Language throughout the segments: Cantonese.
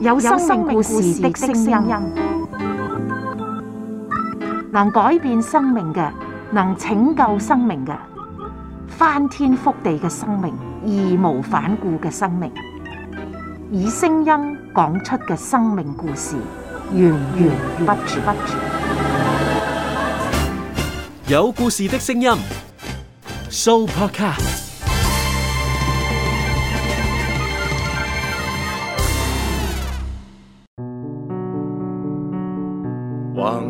有生命故事的聲音，能改變生命嘅，能拯救生命嘅，翻天覆地嘅生命，義無反顧嘅生命，以聲音講出嘅生命故事，源源不絕。有故事的聲音，Soupercast。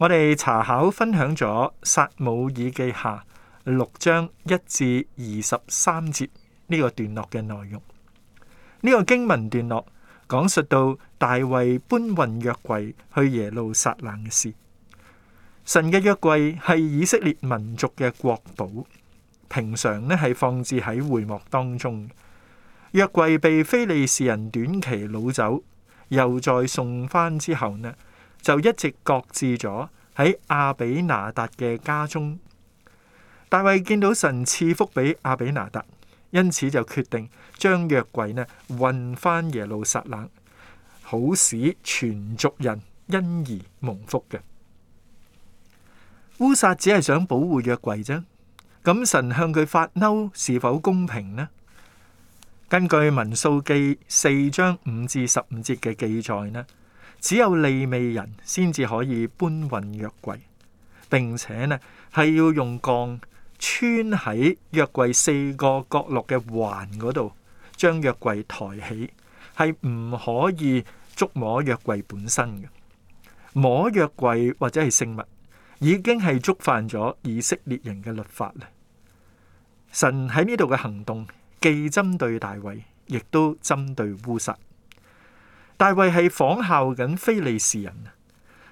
我哋查考分享咗撒母耳記下六章一至二十三節呢個段落嘅內容。呢、這個經文段落講述到大衛搬運約，約櫃去耶路撒冷嘅事。神嘅約櫃係以色列民族嘅國寶，平常咧係放置喺會幕當中。約櫃被非利士人短期擄走，又再送翻之後呢，就一直擱置咗喺阿比拿達嘅家中。大衛見到神賜福俾阿比拿達，因此就決定將約櫃呢運翻耶路撒冷，好使全族人因而蒙福嘅。烏撒只係想保護約櫃啫，咁神向佢發嬲是否公平呢？根據民數記四章五至十五節嘅記載呢，只有利未人先至可以搬運約櫃，並且咧係要用槓穿喺約櫃四個角落嘅環嗰度，將約櫃抬起，係唔可以觸摸約櫃本身嘅。摸約櫃或者係聖物，已經係觸犯咗以色列人嘅律法咧。神喺呢度嘅行動，既針對大衛，亦都針對烏撒。大衛係仿效緊非利士人，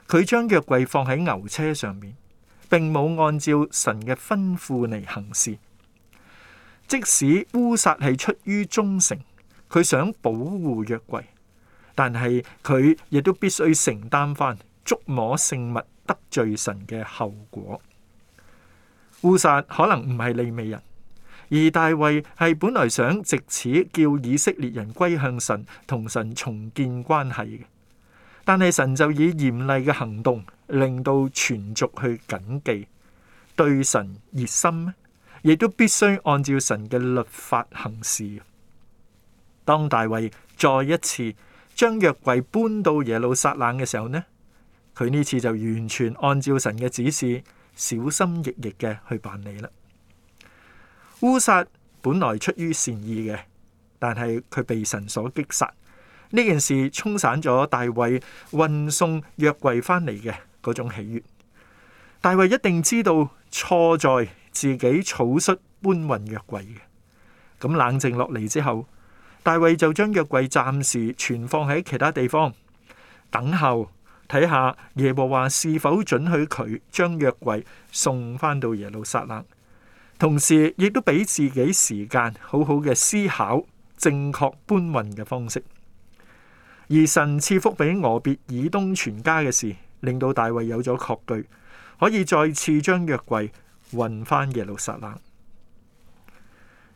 佢將約櫃放喺牛車上面，並冇按照神嘅吩咐嚟行事。即使烏撒係出於忠誠，佢想保護約櫃，但係佢亦都必須承擔翻觸摸聖物得罪神嘅後果。烏撒可能唔係利未人。而大衛係本來想借此叫以色列人歸向神，同神重建關係嘅，但係神就以嚴厲嘅行動令到全族去謹記，對神熱心，亦都必須按照神嘅律法行事。當大衛再一次將約櫃搬到耶路撒冷嘅時候呢，佢呢次就完全按照神嘅指示，小心翼翼嘅去辦理啦。烏撒本來出於善意嘅，但係佢被神所擊殺。呢件事沖散咗大衛運送約櫃返嚟嘅嗰種喜悦。大衛一定知道錯在自己草率搬運約櫃嘅。咁冷靜落嚟之後，大衛就將約櫃暫時存放喺其他地方，等候睇下耶和華是否准許佢將約櫃送返到耶路撒冷。同時，亦都俾自己時間好好嘅思考正確搬運嘅方式。而神賜福俾俄別以東全家嘅事，令到大衛有咗確據，可以再次將約櫃運翻耶路撒冷。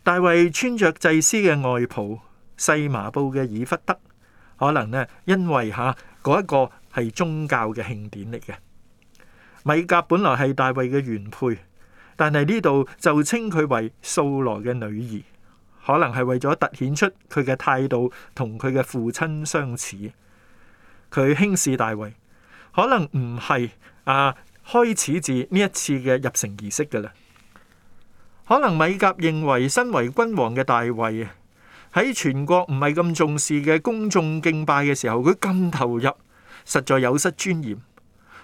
大衛穿着祭司嘅外袍，細麻布嘅以弗得，可能呢，因為嚇嗰一個係宗教嘅慶典嚟嘅。米甲本來係大衛嘅原配。但係呢度就稱佢為掃羅嘅女兒，可能係為咗突顯出佢嘅態度同佢嘅父親相似，佢輕視大衛，可能唔係啊開始自呢一次嘅入城儀式噶啦，可能米甲認為身為君王嘅大衛喺全國唔係咁重視嘅公眾敬拜嘅時候，佢咁投入，實在有失尊嚴，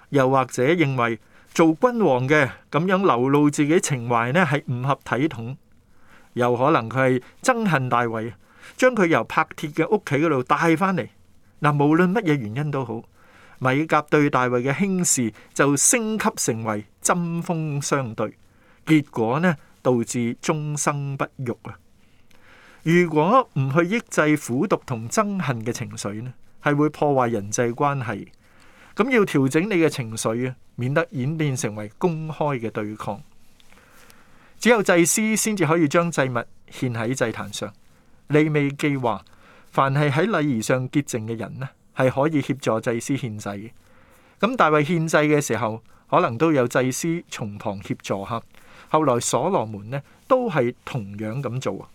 又或者認為。做君王嘅，咁樣流露自己情懷呢，係唔合體統。有可能佢係憎恨大衛，將佢由拍鐵嘅屋企嗰度帶翻嚟。嗱，無論乜嘢原因都好，米甲對大衛嘅輕視就升級成為針鋒相對，結果呢導致終生不育啊！如果唔去抑制苦毒同憎恨嘅情緒呢，係會破壞人際關係。咁要調整你嘅情緒啊，免得演變成為公開嘅對抗。只有祭司先至可以將祭物獻喺祭壇上。利未記話：凡係喺禮儀上潔淨嘅人呢，係可以協助祭司獻祭嘅。咁大衛獻祭嘅時候，可能都有祭司從旁協助下。後來所羅門呢，都係同樣咁做。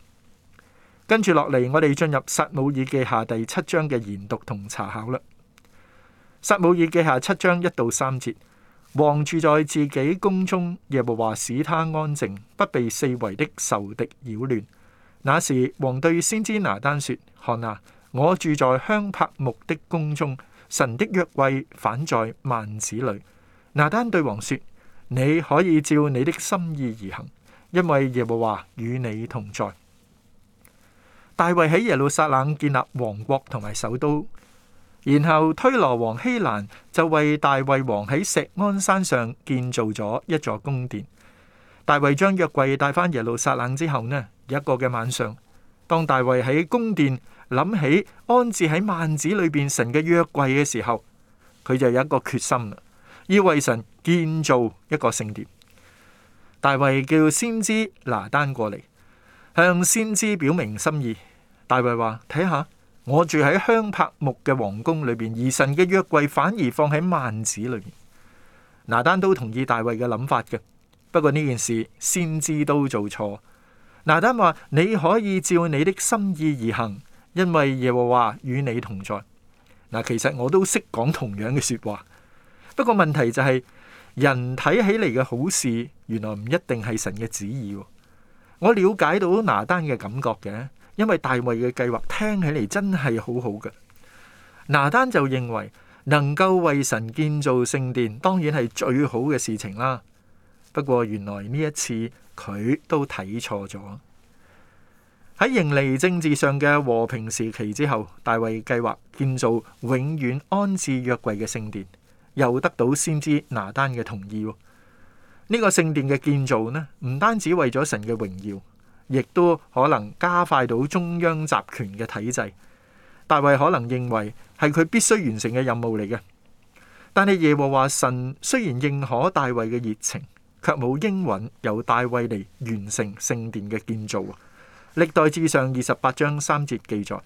跟住落嚟，我哋進入撒母耳記下第七章嘅研讀同查考啦。撒母耳記下七章一到三節，王住在自己宮中，耶和華使他安靜，不被四圍的仇敵擾亂。那時，王對先知拿單說：看啊，我住在香柏木的宮中，神的約櫃反在幔子裏。拿單對王說：你可以照你的心意而行，因為耶和華與你同在。大衛喺耶路撒冷建立王國同埋首都。然後推羅王希蘭就為大衛王喺石安山上建造咗一座宮殿。大衛將約櫃帶返耶路撒冷之後呢，一個嘅晚上，當大衛喺宮殿諗起安置喺幔子裏邊神嘅約櫃嘅時候，佢就有一個決心啦，要為神建造一個聖殿。大衛叫先知拿單過嚟，向先知表明心意。大衛話：睇下。我住喺香柏木嘅皇宮裏邊，而神嘅約櫃反而放喺幔子裏面。拿單都同意大衛嘅諗法嘅，不過呢件事先知都做錯。拿單話：你可以照你的心意而行，因為耶和華與你同在。嗱，其實我都識講同樣嘅說話，不過問題就係、是、人睇起嚟嘅好事，原來唔一定係神嘅旨意。我了解到拿單嘅感覺嘅。因為大衛嘅計劃聽起嚟真係好好嘅，拿單就認為能夠為神建造聖殿，當然係最好嘅事情啦。不過原來呢一次佢都睇錯咗。喺迎嚟政治上嘅和平時期之後，大衛計劃建造永遠安置約櫃嘅聖殿，又得到先知拿單嘅同意。呢個聖殿嘅建造呢，唔單止為咗神嘅榮耀。亦都可能加快到中央集權嘅體制，大衛可能認為係佢必須完成嘅任務嚟嘅。但係耶和華神雖然認可大衛嘅熱情，卻冇應允由大衛嚟完成聖殿嘅建造。歷代志上二十八章三節記載：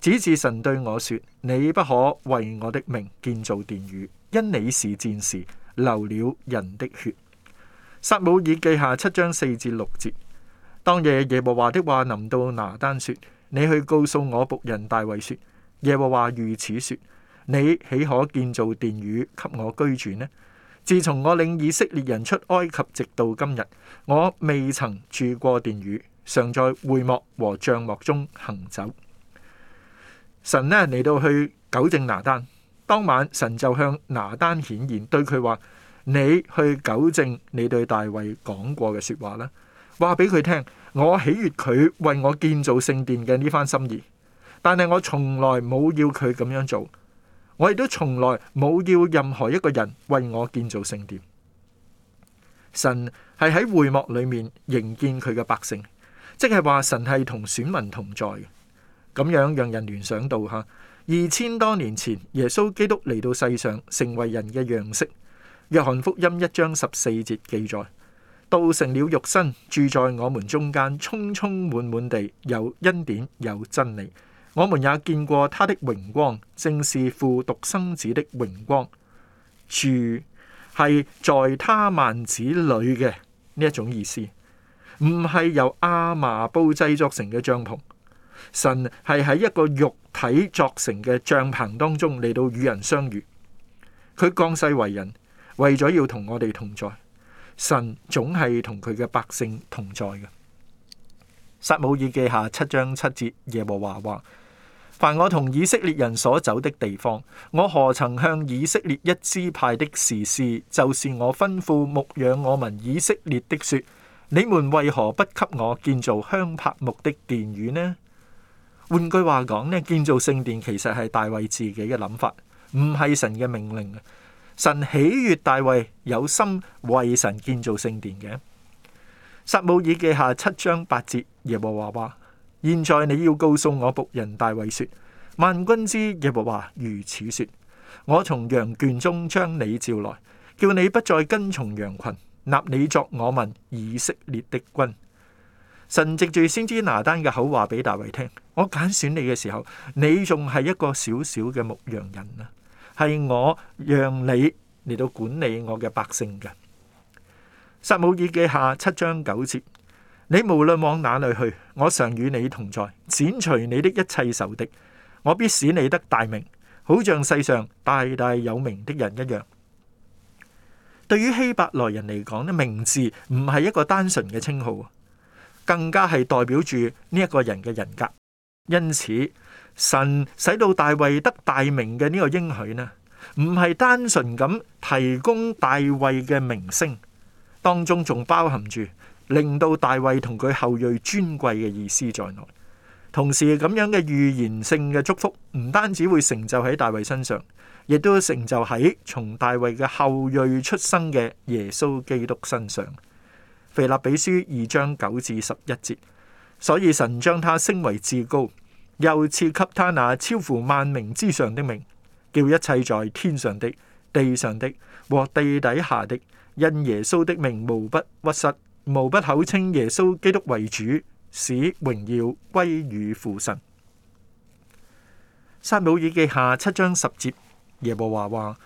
只是神對我說，你不可為我的名建造殿宇，因你是戰士，流了人的血。撒母耳記下七章四至六節。當夜耶和華的話臨到拿單說：你去告訴我僕人大衛說，耶和華如此說：你豈可建造殿宇給我居住呢？自從我領以色列人出埃及直到今日，我未曾住過殿宇，常在會幕和帳幕中行走。神呢嚟到去糾正拿單，當晚神就向拿單顯現，對佢話：你去糾正你對大衛講過嘅說話啦。話俾佢聽，我喜悅佢為我建造聖殿嘅呢番心意，但係我從來冇要佢咁樣做，我亦都從來冇要任何一個人為我建造聖殿。神係喺會幕裏面迎見佢嘅百姓，即係話神係同選民同在嘅，咁樣讓人聯想到吓二千多年前耶穌基督嚟到世上成為人嘅樣式。約翰福音一章十四節記載。道成了肉身，住在我們中間，充充滿滿地有恩典有真理。我們也見過他的榮光，正是父獨生子的榮光。住係在他萬子裏嘅呢一種意思，唔係由阿麻布製作成嘅帳篷。神係喺一個肉體做成嘅帳篷當中嚟到與人相遇。佢降世為人，為咗要同我哋同在。神總係同佢嘅百姓同在嘅。撒母耳記下七章七節，耶和華話：，凡我同以色列人所走的地方，我何曾向以色列一支派的士師，就是我吩咐牧養我民以色列的說：，你們為何不給我建造香柏木的殿宇呢？換句話講咧，建造聖殿其實係大衛自己嘅諗法，唔係神嘅命令啊。神喜悅大衛有心為神建造聖殿嘅。撒母耳記下七章八節，耶和華話：，現在你要告訴我僕人大衛說，萬軍之耶和華如此說：，我從羊圈中將你召來，叫你不再跟從羊群，立你作我民以色列的君。神藉住先知拿單嘅口話俾大衛聽，我揀選你嘅時候，你仲係一個小小嘅牧羊人啊。係我讓你嚟到管理我嘅百姓嘅。撒母耳記下七章九節：你無論往哪裏去，我常與你同在，剪除你的一切仇敵，我必使你得大名，好像世上大大有名的人一樣。對於希伯來人嚟講咧，名字唔係一個單純嘅稱號，更加係代表住呢一個人嘅人格，因此，神使到大衛得大名嘅呢個應許呢，唔係單純咁提供大衛嘅名聲，當中仲包含住令到大衛同佢後裔尊貴嘅意思在內。同時咁樣嘅預言性嘅祝福，唔單止會成就喺大衛身上，亦都成就喺從大衛嘅後裔出生嘅耶穌基督身上。腓立比書二章九至十一節，所以神將他升為至高。又賜給他那超乎萬名之上的名，叫一切在天上的、地上的和地底下的，因耶穌的名無不屈膝、無不口稱耶穌基督為主，使榮耀歸於父神。撒母耳記下七章十節，耶和華話：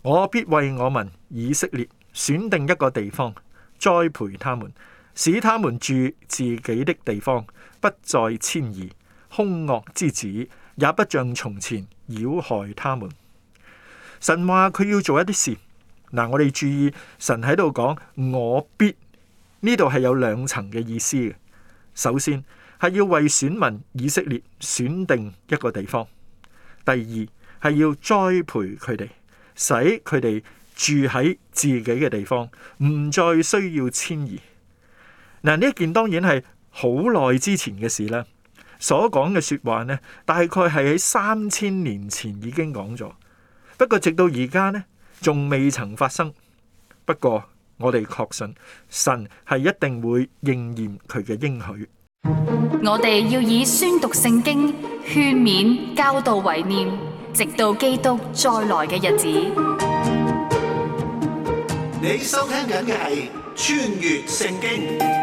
我必為我民以色列選定一個地方，栽培他們，使他們住自己的地方，不再遷移。兇惡之子，也不像從前擾害他們。神話佢要做一啲事。嗱，我哋注意神喺度講，我必呢度係有兩層嘅意思。首先係要為選民以色列選定一個地方，第二係要栽培佢哋，使佢哋住喺自己嘅地方，唔再需要遷移。嗱，呢一件當然係好耐之前嘅事啦。所講嘅說話呢，大概係喺三千年前已經講咗，不過直到而家呢，仲未曾發生。不過我哋確信神係一定會應驗佢嘅應許。我哋要以宣讀聖經、勸勉、教導為念，直到基督再來嘅日子。你收聽緊嘅係穿越聖經。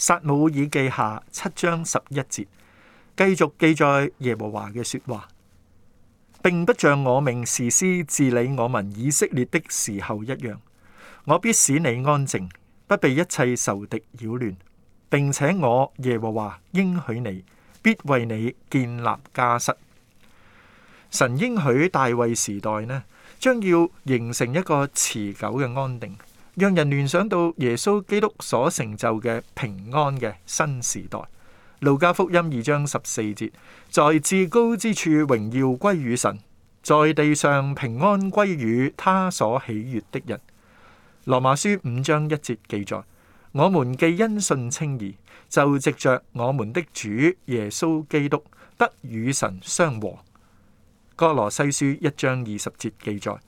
撒母耳記下七章十一節，繼續記載耶和華嘅說話並不像我命士師治理我民以色列的時候一樣，我必使你安靜，不被一切仇敵擾亂，並且我耶和華應許你，必為你建立家室。神應許大衛時代呢，將要形成一個持久嘅安定。讓人聯想到耶穌基督所成就嘅平安嘅新時代。路加福音二章十四節：在至高之處榮耀歸與神，在地上平安歸與他所喜悦的人。羅馬書五章一節記載：我們既因信稱義，就藉着我們的主耶穌基督得與神相和。哥羅西書一章二十節記載。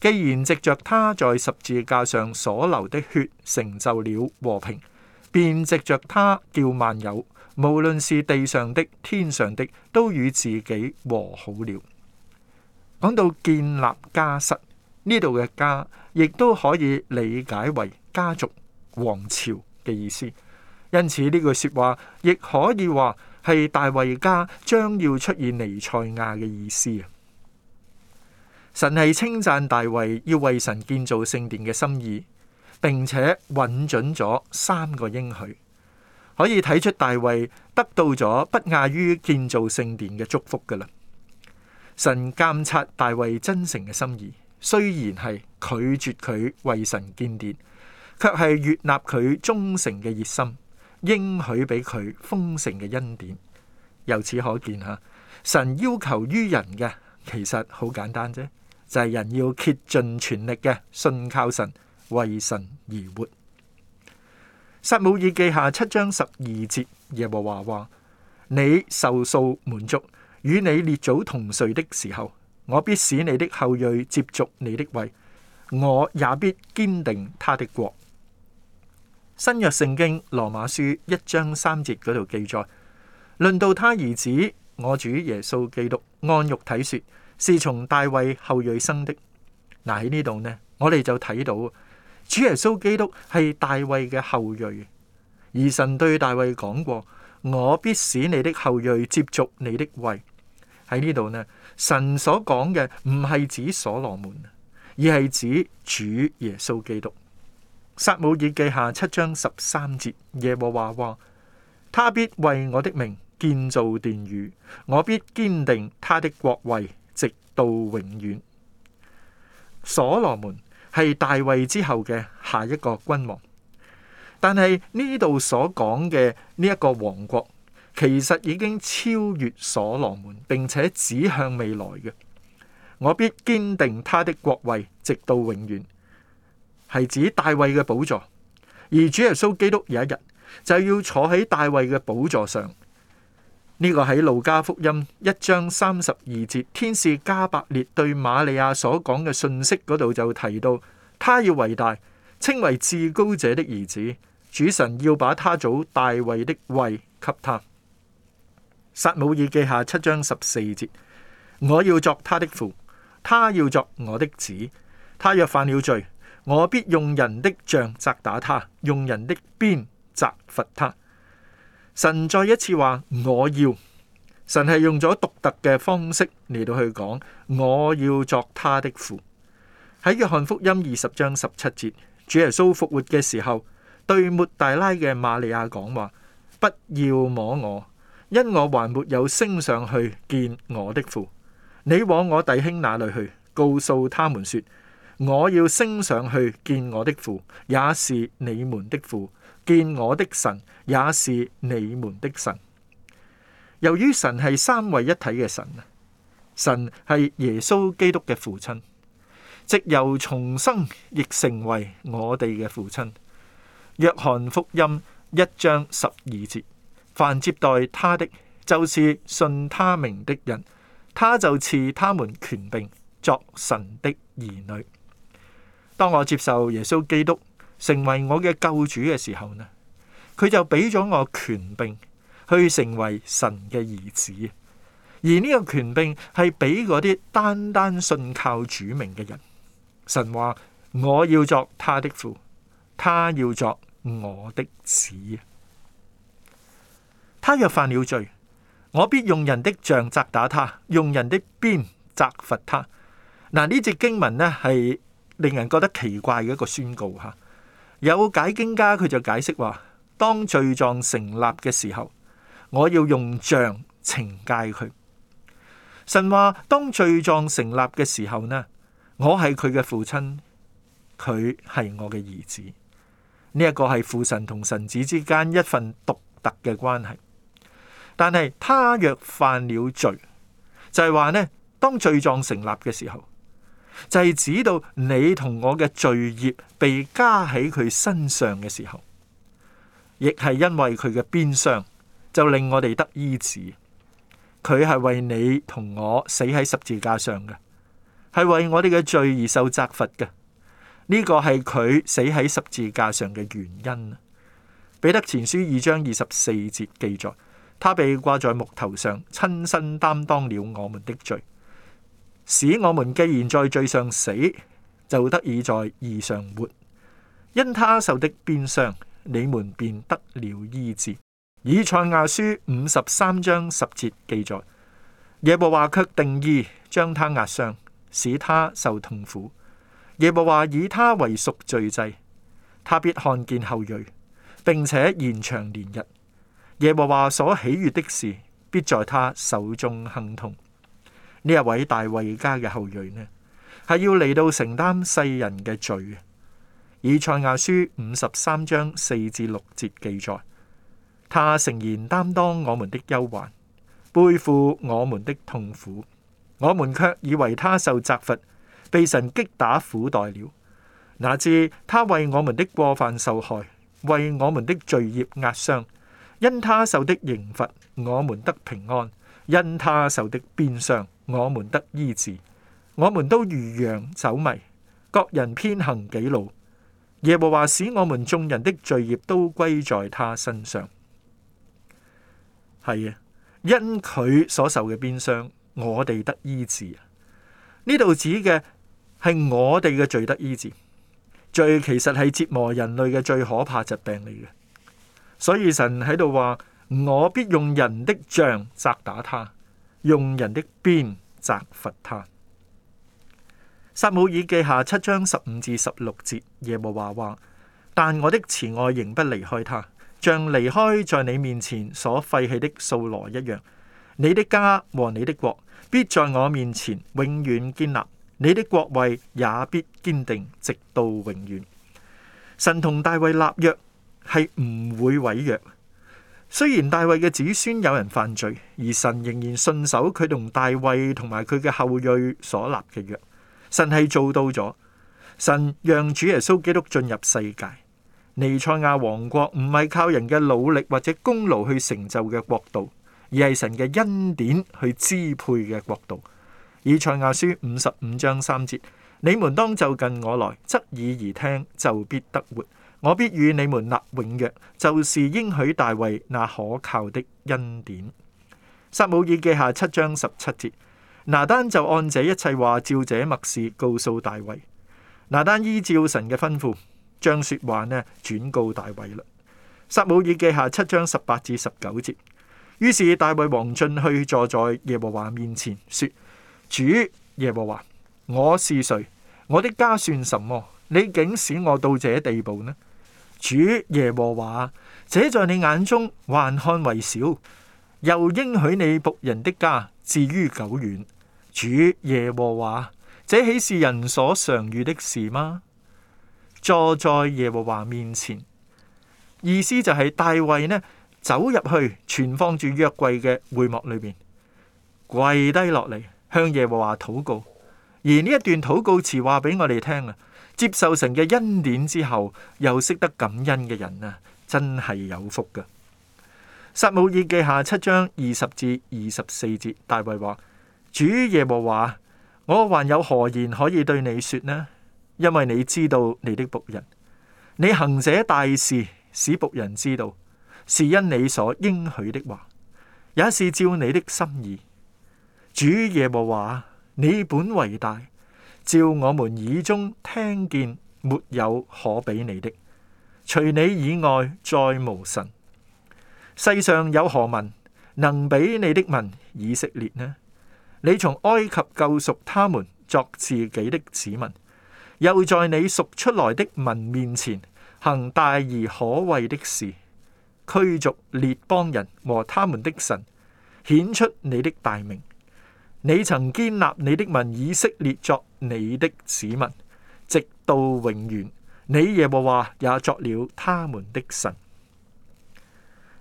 既然藉着他在十字架上所流的血成就了和平，便藉着他叫萬有，無論是地上的、天上的，都與自己和好了。講到建立家室，呢度嘅家亦都可以理解為家族、王朝嘅意思，因此呢句說話亦可以話係大衛家將要出現彌賽亞嘅意思啊。神係稱讚大衛要為神建造聖殿嘅心意，並且允准咗三個應許，可以睇出大衛得到咗不亞於建造聖殿嘅祝福噶啦。神監察大衛真誠嘅心意，雖然係拒絕佢為神建殿，卻係悅納佢忠誠嘅熱心，應許俾佢豐盛嘅恩典。由此可見吓，神要求於人嘅其實好簡單啫。就係人要竭盡全力嘅信靠神，為神而活。撒母耳記下七章十二節，耶和華話：你壽數滿足，與你列祖同睡的時候，我必使你的後裔接續你的位，我也必堅定他的國。新約聖經羅馬書一章三節嗰度記載，論到他兒子，我主耶穌基督，按肉體說。是從大衛後裔生的。嗱，喺呢度呢，我哋就睇到主耶穌基督係大衛嘅後裔。而神對大衛講過：我必使你的後裔接續你的位。喺呢度呢，神所講嘅唔係指所羅門，而係指主耶穌基督。撒母耳記下七章十三節，耶和華話：他必為我的名建造殿宇，我必堅定他的國位。直到永遠，所羅門係大衛之後嘅下一個君王，但係呢度所講嘅呢一個王國，其實已經超越所羅門，並且指向未來嘅。我必堅定他的國位，直到永遠，係指大衛嘅寶座，而主耶穌基督有一日就要坐喺大衛嘅寶座上。呢個喺路加福音一章三十二節，天使加百列對瑪利亞所講嘅信息嗰度就提到，他要為大，稱為至高者的兒子，主神要把他祖大衛的位給他。撒母耳記下七章十四節，我要作他的父，他要作我的子。他若犯了罪，我必用人的杖責打他，用人的鞭責罰他。神再一次話我要，神係用咗獨特嘅方式嚟到去講我要作他的父。喺約翰福音二十章十七節，主耶穌復活嘅時候，對抹大拉嘅瑪利亞講話：不要摸我，因我還沒有升上去見我的父。你往我弟兄那裏去，告訴他們說：我要升上去見我的父，也是你們的父。見我的神也是你們的神。由於神係三位一體嘅神，神係耶穌基督嘅父親，即由重生亦成為我哋嘅父親。約翰福音一章十二節：凡接待他的，就是信他名的人，他就賜他們權柄作神的兒女。當我接受耶穌基督。成為我嘅救主嘅時候呢，佢就俾咗我權柄去成為神嘅兒子，而呢個權柄係俾嗰啲單單信靠主名嘅人。神話我要作他的父，他要作我的子。他若犯了罪，我必用人的杖責打他，用人的鞭責罰他。嗱，呢隻經文呢係令人覺得奇怪嘅一個宣告吓。有解經家佢就解釋話：當罪狀成立嘅時候，我要用杖懲戒佢。神話當罪狀成立嘅時候呢，我係佢嘅父親，佢係我嘅兒子。呢、這、一個係父神同神子之間一份獨特嘅關係。但係他若犯了罪，就係、是、話呢，當罪狀成立嘅時候。就係指到你同我嘅罪孽被加喺佢身上嘅時候，亦係因為佢嘅鞭傷就令我哋得醫治。佢係為你同我死喺十字架上嘅，係為我哋嘅罪而受責罰嘅。呢個係佢死喺十字架上嘅原因。彼得前書二章二十四節記載，他被掛在木頭上，親身擔當了我們的罪。使我們既然在罪上死，就得以在義上活。因他受的鞭傷，你們便得了醫治。以賽亞書五十三章十節記載：耶和華卻定意將他壓傷，使他受痛苦；耶和華以他為贖罪祭，他必看見後裔，並且延長年日。耶和華所喜悅的事，必在他手中亨通。呢一位大衛家嘅後裔呢，係要嚟到承擔世人嘅罪。以賽亞書五十三章四至六節記載，他誠然擔當我們的憂患，背負我們的痛苦，我們卻以為他受責罰，被神擊打苦待了。哪知他為我們的過犯受害，為我們的罪孽壓傷，因他受的刑罰，我們得平安；因他受的鞭傷，我們得醫治，我們都如羊走迷，各人偏行己路。耶和華使我們眾人的罪孽都歸在他身上。係啊，因佢所受嘅鞭傷，我哋得醫治。呢度指嘅係我哋嘅罪得醫治。罪其實係折磨人類嘅最可怕疾病嚟嘅，所以神喺度話：我必用人的杖責打他。用人的鞭責罰他。撒母耳記下七章十五至十六節，耶和華話，話：但我的慈愛仍不離開他，像離開在你面前所廢棄的掃羅一樣。你的家和你的國必在我面前永遠堅立，你的國位也必堅定直到永遠。神同大衛立約，係唔會毀約。雖然大衛嘅子孫有人犯罪，而神仍然信守佢同大衛同埋佢嘅後裔所立嘅約，神係做到咗。神讓主耶穌基督進入世界，尼賽亞王國唔係靠人嘅努力或者功勞去成就嘅國度，而係神嘅恩典去支配嘅國度。以賽亞書五十五章三節：你們當就近我來，側耳而聽，就必得活。我必與你們立永約，就是應許大衛那可靠的恩典。撒母耳記下七章十七節，拿單就按這一切話照這默示告訴大衛。拿單依照神嘅吩咐，將說話呢轉告大衛啦。撒母耳記下七章十八至十九節，於是大衛王進去坐在耶和華面前，說：主耶和華，我是誰？我的家算什麼？你竟使我到這地步呢？主耶和華，這在你眼中還看為小，又應許你僕人的家至於久遠。主耶和華，這豈是人所常遇的事嗎？坐在耶和華面前，意思就係大衛呢走入去存放住約櫃嘅會幕裏邊，跪低落嚟向耶和華禱告。而呢一段禱告詞話俾我哋聽啊！接受成嘅恩典之後，又識得感恩嘅人啊，真係有福噶！撒母耳記下七章二十至二十四節，大衛話：主耶和華，我還有何言可以對你說呢？因為你知道你的僕人，你行這大事使僕人知道，是因你所應許的話，也是照你的心意。主耶和華，你本為大。照我們耳中聽見，沒有可比你的，除你以外再無神。世上有何民能比你的民以色列呢？你從埃及救贖他們作自己的子民，又在你贖出來的民面前行大而可畏的事，驅逐列邦人和他們的神，顯出你的大名。你曾建立你的民以色列作你的子民，直到永遠。你耶和華也作了他們的神。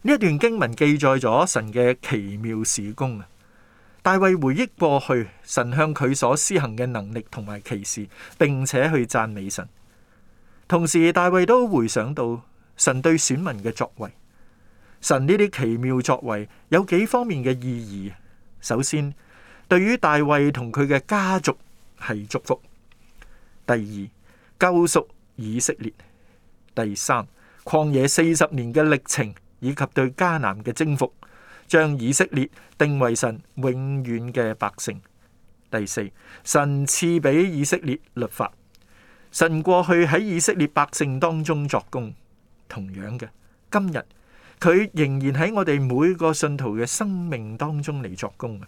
呢一段經文記載咗神嘅奇妙事工啊。大衛回憶過去神向佢所施行嘅能力同埋奇事，並且去讚美神。同時，大衛都回想到神對選民嘅作為。神呢啲奇妙作為有幾方面嘅意義。首先，對於大衛同佢嘅家族係祝福。第二，救贖以色列；第三，曠野四十年嘅歷程以及對迦南嘅征服，將以色列定為神永遠嘅百姓。第四，神賜俾以色列律法。神過去喺以色列百姓當中作工，同樣嘅今日，佢仍然喺我哋每個信徒嘅生命當中嚟作工。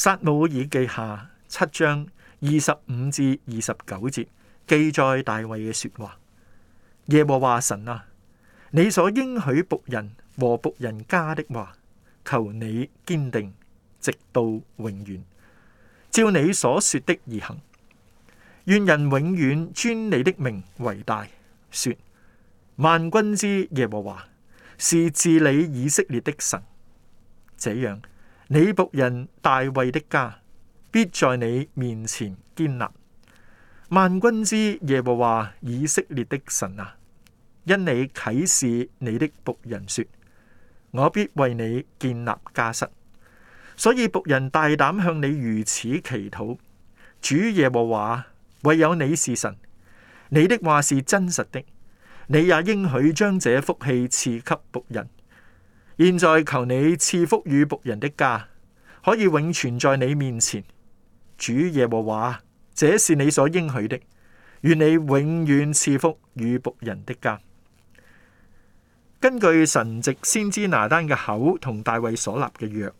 撒母耳記下七章二十五至二十九節記載大衛嘅說話。耶和華神啊，你所應許僕人和僕人家的話，求你堅定，直到永遠，照你所說的而行。願人永遠尊你的名為大。說萬軍之耶和華是治理以色列的神。這樣。你僕人大衛的家必在你面前建立。萬軍之耶和華以色列的神啊，因你啟示你的僕人說，我必為你建立家室。所以僕人大膽向你如此祈禱：主耶和華，唯有你是神，你的話是真實的，你也應許將這福氣賜給僕人。現在求你賜福與僕人的家，可以永存在你面前。主耶和華，這是你所應許的，願你永遠賜福與僕人的家。根據神藉先知拿單嘅口同大衛所立嘅約，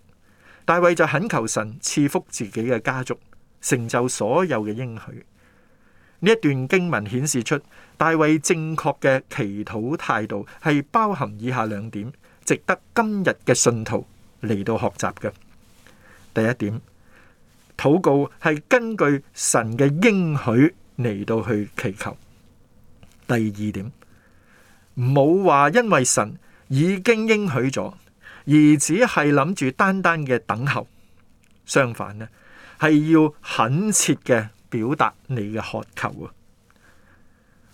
大衛就懇求神賜福自己嘅家族，成就所有嘅應許。呢一段經文顯示出大衛正確嘅祈禱態，態度係包含以下兩點。值得今日嘅信徒嚟到學習嘅第一點，禱告係根據神嘅應許嚟到去祈求。第二點，唔好話因為神已經應許咗，而只係諗住單單嘅等候。相反咧，係要懇切嘅表達你嘅渴求啊！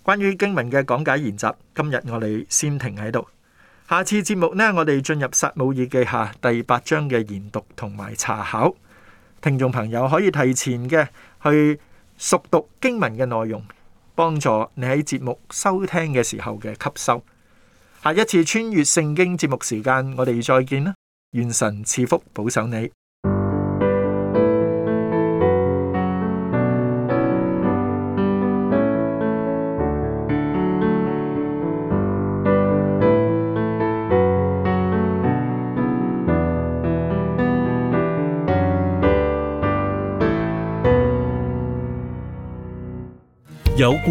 關於經文嘅講解研習，今日我哋先停喺度。下次節目呢，我哋進入撒母耳記下第八章嘅研讀同埋查考，聽眾朋友可以提前嘅去熟讀經文嘅內容，幫助你喺節目收聽嘅時候嘅吸收。下一次穿越聖經節目時間，我哋再見啦！願神賜福保守你。